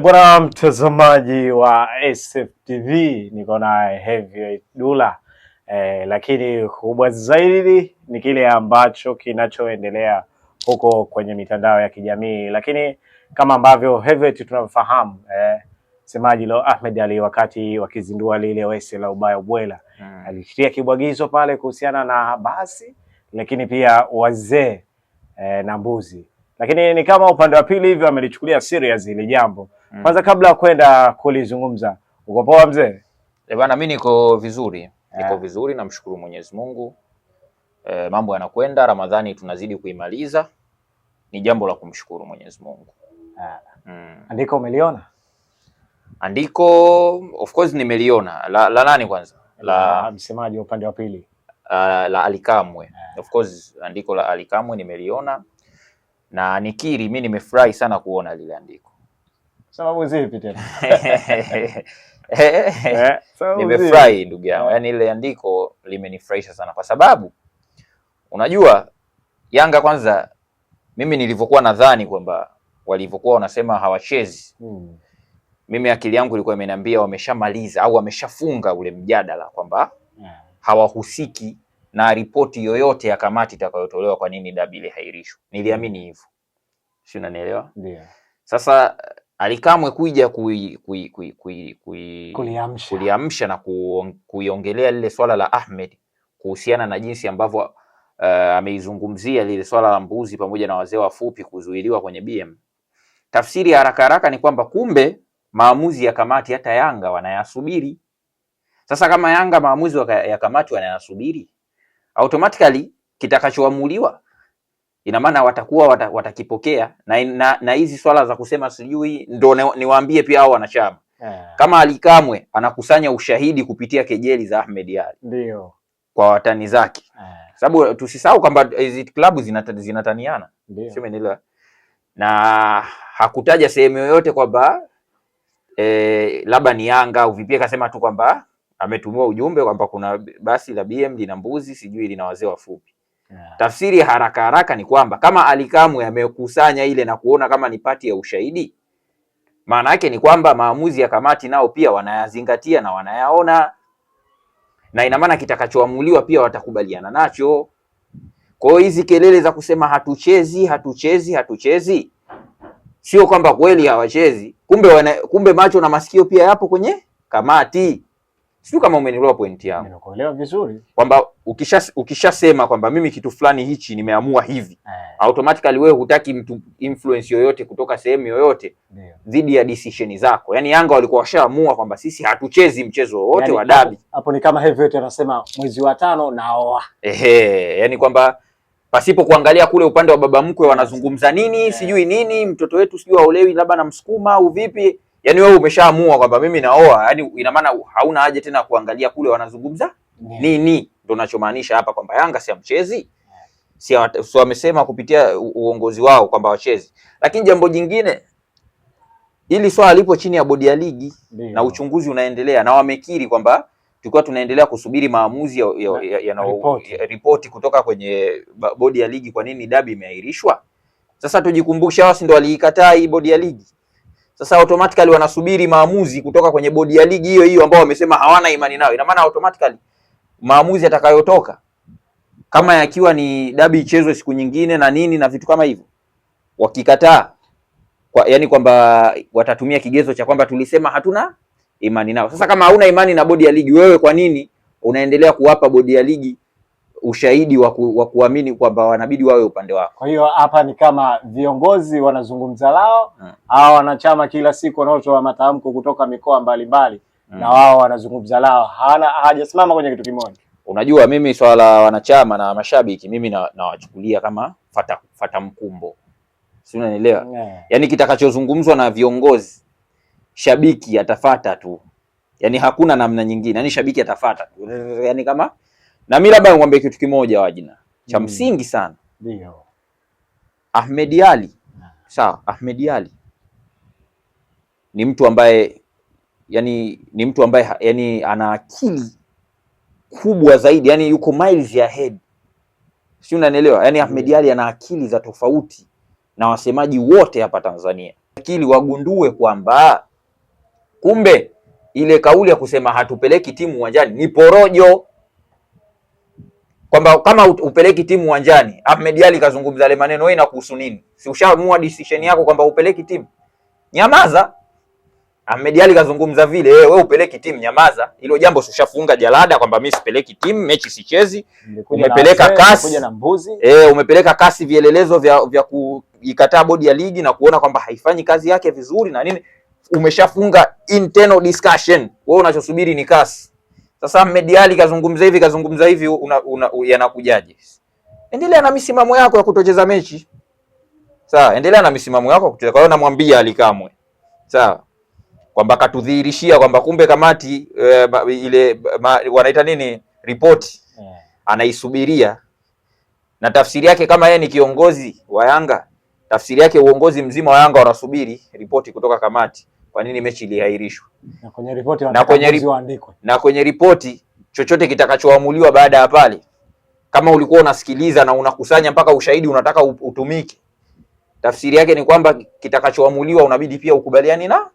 bwana mtazamaji wa SFTV niko na Heavyweight Dulla eh, lakini kubwa zaidi ni kile ambacho kinachoendelea huko kwenye mitandao ya kijamii, lakini kama ambavyo Heavyweight tunamfahamu eh, semaji leo Ahmed Ali wakati wakizindua lile wese la ubaya ubwela hmm, alishiria kibwagizo pale kuhusiana na basi, lakini pia wazee eh, na mbuzi lakini ni kama upande wa pili hivyo amelichukulia serious ile jambo mm. Kwanza kabla ya kwenda kulizungumza, uko poa mzee? Eh bana, mimi niko vizuri eh. niko vizuri, namshukuru Mwenyezi Mungu. E, mambo yanakwenda, Ramadhani tunazidi kuimaliza, ni jambo la kumshukuru Mwenyezi Mungu. Ah. Mm. Andiko umeliona? Andiko of course nimeliona. La, la nani kwanza? La, msemaji wa upande wa pili. Ah, la Alikamwe. Eh. Of course andiko la Alikamwe nimeliona na nikiri, mi nimefurahi sana kuona lile andiko. Sababu zipi tena? Eh, eh, nimefurahi ndugu yangu, eh. yaani ile andiko limenifurahisha sana, kwa sababu unajua Yanga kwanza, mimi nilivyokuwa nadhani kwamba walivyokuwa wanasema hawachezi hmm. Mimi akili yangu ilikuwa imeniambia wameshamaliza au wameshafunga ule mjadala kwamba hawahusiki na ripoti yoyote ya kamati itakayotolewa kwa nini dabi ile ilihairishwa. Niliamini hivyo, si unanielewa? Yeah. Sasa eh, Alikamwe kuja kui, kui, kui, kui, kui, kuliamsha, kuliamsha na kuiongelea lile swala la Ahmed kuhusiana na jinsi ambavyo uh, ameizungumzia lile swala la mbuzi pamoja na wazee wafupi kuzuiliwa kwenye BM. Tafsiri ya haraka haraka ni kwamba kumbe maamuzi ya kamati hata Yanga wanayasubiri. Sasa kama Yanga maamuzi ya kamati wanayasubiri, automatically kitakachoamuliwa ina maana watakuwa watakipokea na, na, na hizi swala za kusema sijui ndo niwaambie pia hao wanachama yeah. Kama alikamwe Kamwe anakusanya ushahidi kupitia kejeli za Ahmed Ally ndio kwa watani zake yeah. Sababu tusisahau kwamba eh, hizi klabu zinataniana sio, na hakutaja sehemu yoyote kwamba e, labda ni Yanga au vipi, akasema tu kwamba ametumiwa ujumbe kwamba kuna basi la BM lina mbuzi sijui lina wazee wafupi. Yeah. Tafsiri haraka haraka ni kwamba kama Alikamwe amekusanya ile na kuona kama ni pati ya ushahidi, maana yake ni kwamba maamuzi ya kamati nao pia wanayazingatia na wanayaona, na ina maana kitakachoamuliwa pia watakubaliana nacho. Kwa hiyo hizi kelele za kusema hatuchezi hatuchezi hatuchezi, sio kwamba kweli hawachezi, kumbe wana, kumbe macho na masikio pia yapo kwenye kamati. Sijui kama umenielewa pointi yangu. Nimekuelewa vizuri. Kwamba ukisha ukishasema kwamba mimi kitu fulani hichi nimeamua hivi. Eh. Automatically wewe hutaki mtu influence yoyote kutoka sehemu yoyote dhidi ya decision zako. yani Yanga walikuwa washaamua kwamba sisi hatuchezi mchezo wowote yani, wa dabi. Hapo ni kama Heavyweight anasema mwezi wa tano naoa. Ehe, yaani kwamba pasipo kuangalia kule upande wa baba mkwe wanazungumza nini, yeah, sijui nini, mtoto wetu sijui waolewi labda na msukuma au vipi? yani wewe umeshaamua kwamba mimi naoa, yani ina maana hauna haja tena kuangalia kule wanazungumza nini. Ndo nachomaanisha hapa kwamba Yanga si mchezi si wamesema kupitia uongozi wao kwamba wachezi. Lakini jambo jingine, ili swala lipo chini ya bodi ya ligi Deo. na uchunguzi unaendelea na wamekiri kwamba tulikuwa tunaendelea kusubiri maamuzi ya, ya, ya, ya, na ripoti. Ya, ripoti kutoka kwenye bodi ya ligi, kwa nini dabi imeahirishwa. Sasa tujikumbushe, wao si ndo waliikataa hii bodi ya ligi sasa automatically wanasubiri maamuzi kutoka kwenye bodi ya ligi hiyo hiyo ambao wamesema hawana imani nayo. Ina maana automatically maamuzi yatakayotoka kama yakiwa ni dabi ichezwe siku nyingine na nini na vitu kama hivyo, wakikataa kwa, yani kwamba watatumia kigezo cha kwamba tulisema hatuna imani nao. Sasa kama hauna imani na bodi ya ligi, wewe kwa nini unaendelea kuwapa bodi ya ligi ushahidi wa waku, kuamini kwamba wanabidi wawe upande wako. Kwa hiyo hapa ni kama viongozi wanazungumza lao hmm. au wanachama kila siku wanaotoa matamko kutoka mikoa mbalimbali hmm. na wao wanazungumza lao, hana hajasimama kwenye kitu kimoja. Unajua, mimi swala la wanachama na mashabiki mimi nawachukulia na kama fata, fata mkumbo, si unanielewa? yeah. Yaani kitakachozungumzwa na viongozi shabiki atafata tu, yaani hakuna namna nyingine, yaani shabiki atafata tu, yaani kama na mimi labda nikwambie kitu kimoja Wajina cha mm. msingi sana ndio Ahmed Ali sawa. Ahmed ali ni mtu ambaye yani, ni mtu ambaye yani ana akili kubwa zaidi, yani yuko miles ahead, si unanielewa? Yani Ahmed ali ana akili za tofauti na wasemaji wote hapa Tanzania, akili wagundue kwamba kumbe ile kauli ya kusema hatupeleki timu uwanjani ni porojo kwamba kama upeleki timu uwanjani, Ahmed Ally kazungumza yale maneno, wewe inakuhusu nini? Si ushaamua decision yako kwamba upeleki timu, nyamaza. Ahmed Ally kazungumza vile, eh, wewe upeleki timu, nyamaza. Hilo jambo si ushafunga jalada kwamba mimi sipeleki timu, mechi sichezi. Umepeleka kasi, eh, umepeleka kasi, vielelezo vya, vya kuikataa bodi ya ligi na kuona kwamba haifanyi kazi yake vizuri na nini. Umeshafunga internal discussion, wewe unachosubiri ni kasi. Sasa Ahmed Ally kazungumza hivi kazungumza hivi, yanakujaje? Endelea na misimamo yako ya kutocheza mechi sawa, endelea na misimamo yako kutocheza. Kwa hiyo namwambia Ally Kamwe sawa, kwamba katudhihirishia kwamba kumbe kamati e, ma, ile ma, wanaita nini ripoti yeah, anaisubiria na tafsiri yake kama yeye ni kiongozi wa Yanga, tafsiri yake uongozi mzima wa Yanga wanasubiri ripoti kutoka kamati kwa nini mechi iliahirishwa. Na kwenye ripoti na kwenye ripoti, na kwenye ripoti chochote kitakachoamuliwa baada ya pale, kama ulikuwa unasikiliza na unakusanya mpaka ushahidi unataka utumike, tafsiri yake ni kwamba kitakachoamuliwa unabidi pia ukubaliani na.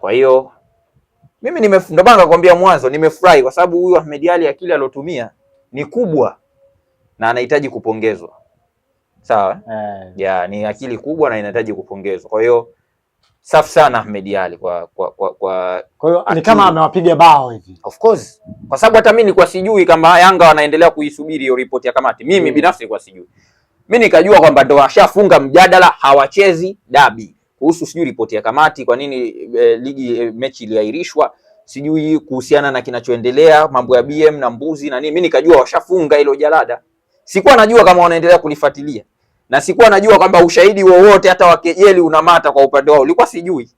Kwa hiyo mimi ndio maana nikakwambia mwanzo, nimefurahi kwa sababu huyu Ahmed Ally akili aliotumia ni kubwa na anahitaji kupongezwa. Sawa, yeah, ni akili kubwa na inahitaji kupongezwa. Kwa hiyo safi sana Ahmed Ally kwa kwa kwa kwa hiyo ni kama amewapiga bao hivi. Of course. Kwa sababu hata mimi nilikuwa sijui kama Yanga wanaendelea kuisubiri hiyo ripoti ya kamati. Mimi hmm, binafsi nilikuwa sijui. Mimi nikajua kwamba ndo washafunga mjadala hawachezi dabi. Kuhusu sijui ripoti ya kamati kwa nini e, ligi e, mechi iliahirishwa, sijui kuhusiana na kinachoendelea mambo ya BM na mbuzi na nini. Mimi nikajua washafunga hilo jalada. Sikuwa najua kama wanaendelea kulifuatilia na sikuwa najua kwamba ushahidi wowote hata wa kejeli unamata kwa upande wao, nilikuwa sijui.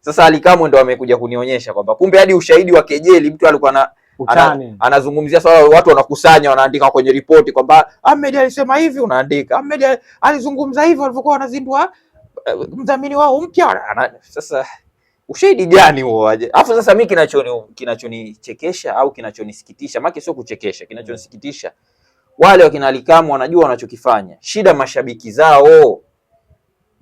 Sasa Alikamwe ndo amekuja kunionyesha kwamba kumbe hadi ushahidi wa kejeli mtu alikuwa na ana, anazungumzia swala watu wanakusanya wanaandika kwenye ripoti kwamba ah, Ahmed alisema hivi, unaandika Ahmed alizungumza hivi walivyokuwa wanazindua eh, mdhamini wao mpya. Sasa ushahidi gani huo aje? Alafu sasa mimi kinachoni kinachonichekesha au kinachonisikitisha, maki sio kuchekesha, kinachonisikitisha hmm wale wakina Alikamu wanajua wanachokifanya. Shida mashabiki zao,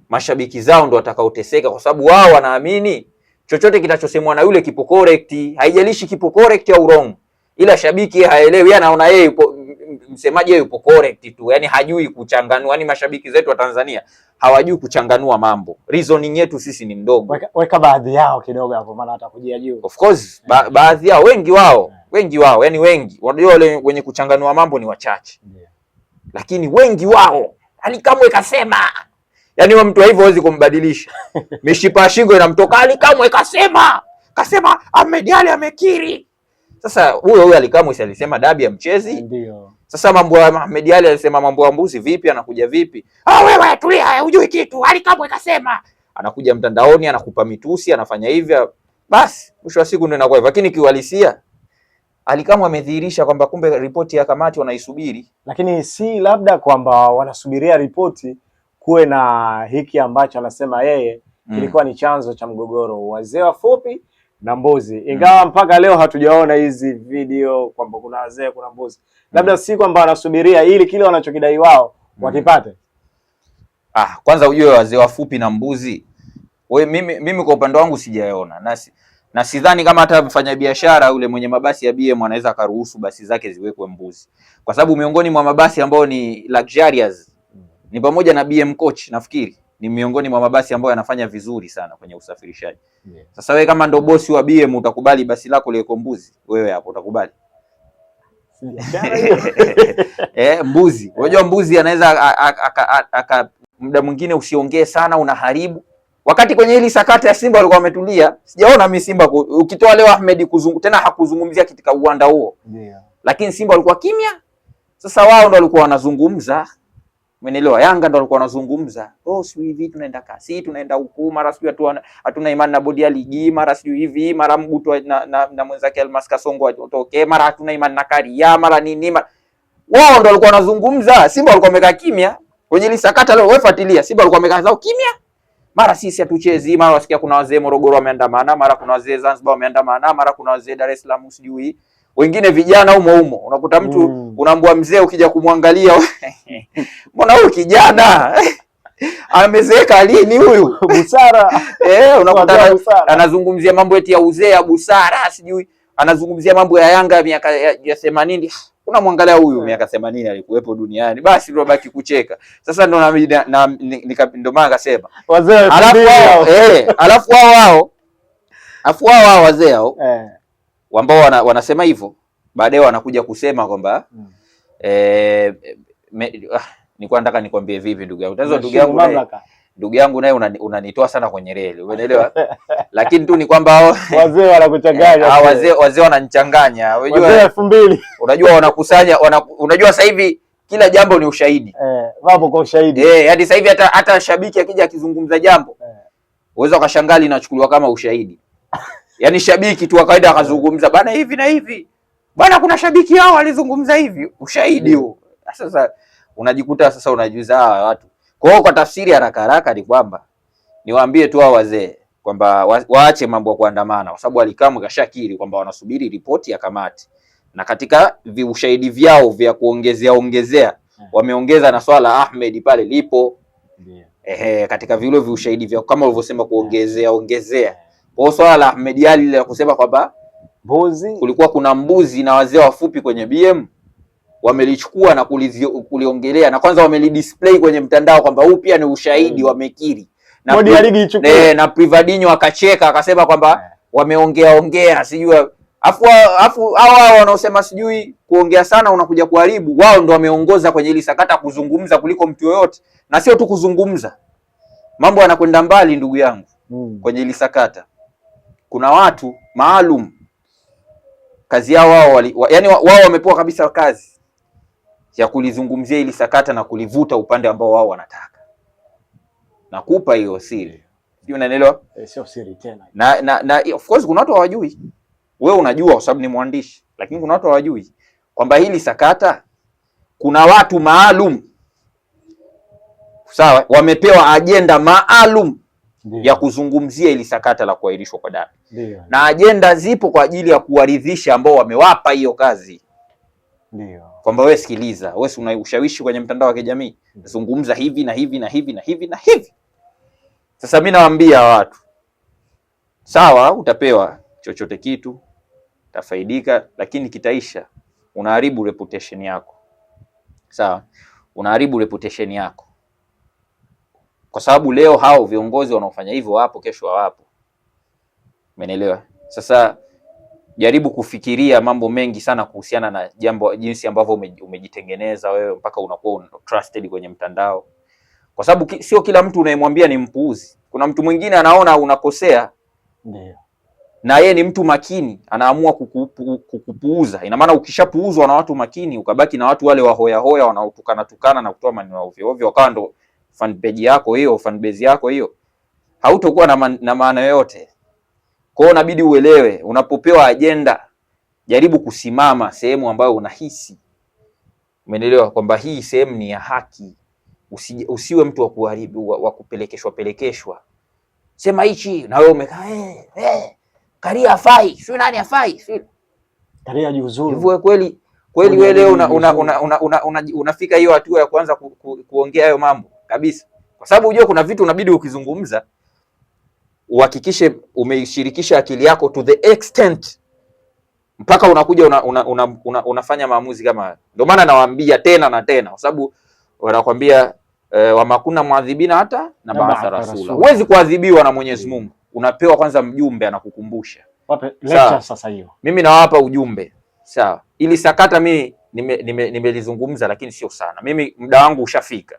mashabiki zao ndo watakaoteseka, kwa sababu wao wanaamini chochote kinachosemwa na yule kipo correct, haijalishi kipo correct au wrong, ila shabiki haelewi, anaona yeye yupo msemaji, yeye yupo correct tu, yani hajui kuchanganua. Yani mashabiki zetu wa Tanzania hawajui kuchanganua mambo, reasoning yetu sisi ni mdogo. Weka, weka baadhi yao kidogo hapo, maana atakujia juu. Of course ba, baadhi yao wengi wao wengi wao, yani wengi, unajua wale wenye kuchanganua mambo ni wachache yeah. Lakini wengi wao Alikamwe kasema, yani wa mtu hivyo hawezi kumbadilisha mishipa ya shingo inamtoka. Alikamwe kasema, kasema Ahmed Ally amekiri. Sasa huyo huyo Alikamwe Kamwe alisema dabi ya mchezi ndio. Sasa mambo ya Ahmed Ally alisema mambo ya mbuzi vipi, anakuja vipi? Ah, wewe tulia, hujui kitu. Alikamwe kasema, anakuja mtandaoni, anakupa mitusi, anafanya hivyo, basi mwisho wa siku ndio inakuwa hivyo, lakini kiuhalisia Alikamwe amedhihirisha kwamba kumbe ripoti ya kamati wanaisubiri, lakini si labda kwamba wanasubiria ripoti kuwe na hiki ambacho anasema yeye mm. kilikuwa ni chanzo cha mgogoro wazee wafupi na mbuzi, mm. ingawa mm. mpaka leo hatujaona hizi video kwamba kuna wazee kuna mbuzi, labda mm. si kwamba wanasubiria ili kile wanachokidai wao mm. wakipate. Ah, kwanza ujue wazee wafupi na mbuzi, we mimi, mimi kwa upande wangu sijaona nasi na sidhani kama hata mfanyabiashara ule mwenye mabasi ya BM anaweza akaruhusu basi zake ziwekwe mbuzi, kwa sababu miongoni mwa mabasi ambayo ni luxurious ni pamoja na BM coach, nafikiri ni miongoni mwa mabasi ambayo yanafanya vizuri sana kwenye usafirishaji yeah. Sasa wewe kama ndo bosi wa BM utakubali basi lako liwekwe mbuzi? Wewe hapo utakubali? Eh, mbuzi. Unajua mbuzi anaweza aka muda mwingine usiongee sana, unaharibu Wakati kwenye hili sakata ya Simba walikuwa wametulia, sijaona mimi Simba ukitoa leo Ahmed kuzungu, tena hakuzungumzia katika uwanda huo yeah. Lakini Simba walikuwa kimya, sasa wao ndo walikuwa wanazungumza, umeelewa? Yanga ndo walikuwa wanazungumza, oh, si hivi tunaenda kasi, tunaenda huku, mara sijui hatuna, hatuna imani na bodi ya ligi, mara sijui hivi, mara mgutu na, na, na, mwenzake Almas Kasongo atokee, mara hatuna imani na Karia, mara nini, mara wao ndo walikuwa wanazungumza. Simba walikuwa wamekaa kimya kwenye hili sakata leo, Wewe fuatilia, Simba walikuwa wamekaa zao kimya mara sisi hatuchezi, mara wasikia kuna wazee Morogoro wameandamana, mara kuna wazee Zanzibar wameandamana, mara kuna wazee Dar es Salaam, sijui wengine vijana humo humo. Unakuta mtu mm. unaambua mzee, ukija kumwangalia mbona huyu kijana amezeeka lini huyu? busara eh, unakuta anazungumzia mambo eti ya uzee ya busara, sijui anazungumzia mambo ya Yanga ya miaka ya themanini unamwangalia huyu miaka themanini alikuwepo duniani, basi tunabaki kucheka. Sasa ndo ndo maana akasema eh, alafu wao wao alafu wao wao wazee hao eh. ambao wana, wanasema hivyo baadaye wanakuja kusema kwamba mm. eh, ah, nilikuwa nataka nikwambie vipi ndugu yangu, tatizo ndugu yangu ndugu yangu naye unanitoa una sana kwenye reli, umeelewa? Lakini tu ni kwamba wazee wanakuchanganya, ah, wazee wazee wananichanganya. Unajua elfu mbili unajua wanakusanya wana, unajua sasa hivi kila jambo ni ushahidi eh, wapo kwa ushahidi eh, hadi sasa hivi hata hata shabiki akija akizungumza jambo eh, uweza ukashangaa linachukuliwa kama ushahidi yaani shabiki tu akawaida akazungumza bana hivi na hivi bana, kuna shabiki hao walizungumza hivi, ushahidi eh. huo. Sasa unajikuta sasa unajiuza hawa watu kwa hiyo kwa tafsiri haraka haraka ni kwamba niwaambie tu hao wazee kwamba wa, waache mambo ya kuandamana kwa sababu Alikamwe kashakiri kwamba wanasubiri ripoti ya kamati, na katika viushahidi vyao vya kuongezea ongezea hmm. wameongeza na swala Ahmed pale lipo yeah. Ehe, katika vile viushahidi vyao kama ulivyosema kuongezea hmm. ongezea kwa swala la Ahmed Ali la kusema kwamba mbuzi kulikuwa kuna mbuzi na wazee wafupi kwenye BM wamelichukua na kuliongelea na kwanza wamelidisplay kwenye mtandao kwamba huu pia ni ushahidi mm. wamekiri na, pri, eh, na Privadinho akacheka akasema kwamba eh. wameongea ongea sijui afu afu hawa wanaosema sijui kuongea sana unakuja kuharibu, wao ndo wameongoza kwenye hili sakata kuzungumza kuliko mtu yoyote, na sio tu kuzungumza, mambo yanakwenda mbali ndugu yangu mm. kwenye hili sakata kuna watu maalum kazi yao wao, wali, wa, yani wao wamepewa kabisa kazi ya kulizungumzia ili sakata na kulivuta upande ambao wao wanataka. Nakupa hiyo siri, eh. unanielewa? Eh, sio siri tena na, na, na, of course kuna watu hawajui, wewe unajua kwa sababu ni mwandishi, lakini kuna watu hawajui kwamba hili sakata kuna watu maalum sawa, wamepewa ajenda maalum ya kuzungumzia ili sakata la kuahirishwa kwa dabi, na ajenda zipo kwa ajili ya kuwaridhisha ambao wamewapa hiyo kazi. Ndio kwamba wewe sikiliza, wewe una ushawishi kwenye mtandao wa kijamii, hmm. zungumza hivi na hivi na hivi na hivi na hivi. Sasa mimi nawaambia watu sawa, utapewa chochote kitu, utafaidika, lakini kitaisha, unaharibu reputation yako. Sawa, unaharibu reputation yako, kwa sababu leo hao viongozi wanaofanya hivyo wapo, kesho hawapo. Umeelewa? Sasa jaribu kufikiria mambo mengi sana kuhusiana na jambo, jinsi ambavyo umejitengeneza wewe mpaka unakuwa trusted kwenye mtandao, kwa sababu ki, sio kila mtu unayemwambia ni mpuuzi. Kuna mtu mwingine anaona unakosea yeah. na yeye ni mtu makini, anaamua kukupu, kukupuuza. Ina maana ukishapuuzwa na watu makini, ukabaki na watu wale wahoyahoya wanaotukana tukana na kutoa maneno ovyo ovyo, wakawa ndo fanpage yako hiyo, fanbase yako hiyo, hautokuwa na, man, na maana yoyote kwa hiyo unabidi uelewe, unapopewa ajenda jaribu kusimama sehemu ambayo unahisi umeelewa kwamba hii sehemu ni ya haki. Usi, usiwe mtu wa kuharibu wa, wa kupelekeshwa pelekeshwa, sema hichi na wewe umekaa eh, eh, Karia afai sio nani afai sio Karia juzuru hivyo. Kweli kweli wewe leo unafika una, una, una, una, una, una hiyo hatua ya kuanza ku, ku, kuongea hayo mambo kabisa, kwa sababu unajua kuna vitu unabidi ukizungumza uhakikishe umeishirikisha akili yako to the extent mpaka unakuja una, una, una, una, unafanya maamuzi kama hayo. Ndio maana nawaambia tena na tena, kwa sababu wanakwambia e, eh, wamakuna mwadhibina hata na baatha rasula. Huwezi kuadhibiwa na Mwenyezi Mungu, unapewa kwanza mjumbe anakukumbusha. Wape lecture sasa hiyo. Mimi nawapa ujumbe sawa. Ili sakata mimi nimelizungumza nime, nime, lakini sio sana. Mimi muda wangu ushafika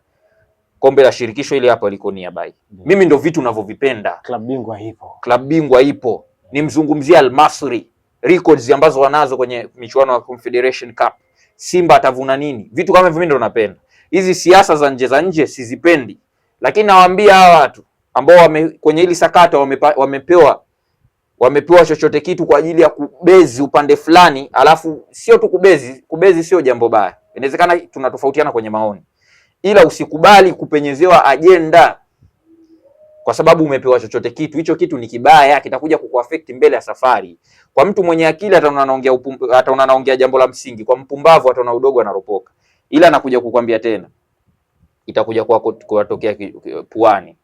kombe la shirikisho ile hapo Likoni bai mm. Mimi ndo vitu ninavyovipenda. Klabu bingwa ipo, klabu bingwa ipo, nimzungumzie Al Masry, records ambazo wanazo kwenye michuano ya Confederation Cup. Simba atavuna nini? Vitu kama hivyo mimi ndo napenda. Hizi siasa za nje za nje sizipendi, lakini nawaambia hawa watu ambao wame, kwenye hili sakata wamepa, wamepewa wamepewa chochote kitu kwa ajili ya kubezi upande fulani, alafu sio tu kubezi. Kubezi sio jambo baya, inawezekana tunatofautiana kwenye maoni ila usikubali kupenyezewa ajenda kwa sababu umepewa chochote kitu. Hicho kitu ni kibaya, kitakuja kukuaffect mbele ya safari. Kwa mtu mwenye akili ataona anaongea ataona anaongea jambo la msingi, kwa mpumbavu ataona udogo anaropoka, ila anakuja kukwambia tena, itakuja kuwatokea puani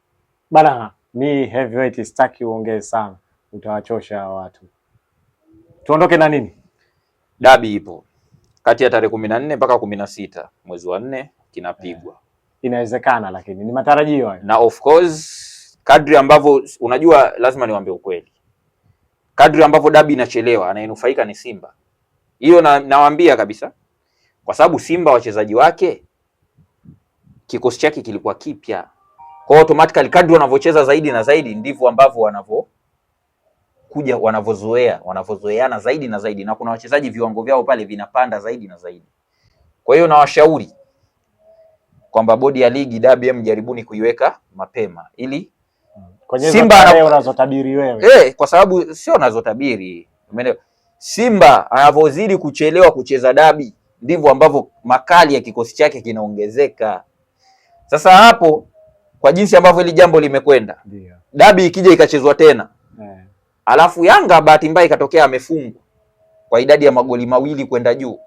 bana. Mi Heavyweight sitaki uongee sana, utawachosha watu. Tuondoke na nini? Dabi ipo kati ya tarehe kumi na nne mpaka kumi na sita mwezi wa nne kinapigwa. Eh, inawezekana, lakini ni matarajio Na of course kadri ambavyo unajua, lazima niwaambie ukweli, kadri ambavyo dabi inachelewa anayenufaika ni Simba. Hiyo na, nawaambia kabisa, kwa sababu Simba wachezaji wake kikosi chake kilikuwa kipya, kwa automatically kadri wanavyocheza zaidi na zaidi ndivyo ambavyo wanavyo kuja wanavyozoea wanavyozoeana zaidi na zaidi, na kuna wachezaji viwango vyao pale vinapanda zaidi na zaidi. Kwa hiyo nawashauri kwamba bodi ya ligi WM jaribuni kuiweka mapema ili Simba na... unazotabiri wewe. Eh, kwa sababu sio unazotabiri. Umeelewa? Simba anavyozidi kuchelewa kucheza dabi ndivyo ambavyo makali ya kikosi chake kinaongezeka. Sasa hapo kwa jinsi ambavyo hili jambo limekwenda, ndio Dabi ikija ikachezwa tena yeah. Alafu Yanga bahati mbaya ikatokea amefungwa kwa idadi ya magoli mawili kwenda juu,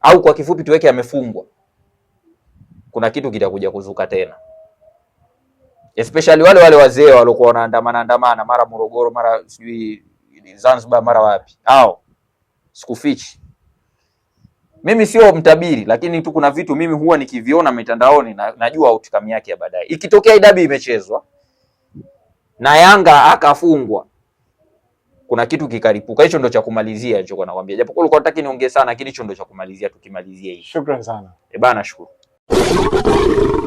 au kwa kifupi tuweke amefungwa kuna kitu kitakuja kuzuka tena, especially wale wale wazee waliokuwa wanaandamana andamana mara Morogoro mara sijui Zanzibar mara wapi, au sikufichi mimi sio mtabiri, lakini tu kuna vitu mimi huwa nikiviona mitandaoni na, najua outcome yake ya baadaye. Ikitokea idabi imechezwa na Yanga akafungwa, kuna kitu kikaripuka. Hicho ndo cha kumalizia, hicho nakwambia, japo ulikuwa unataka niongee sana, lakini hicho ndo cha kumalizia. Tukimalizia hii, shukrani sana e bana, shukrani. you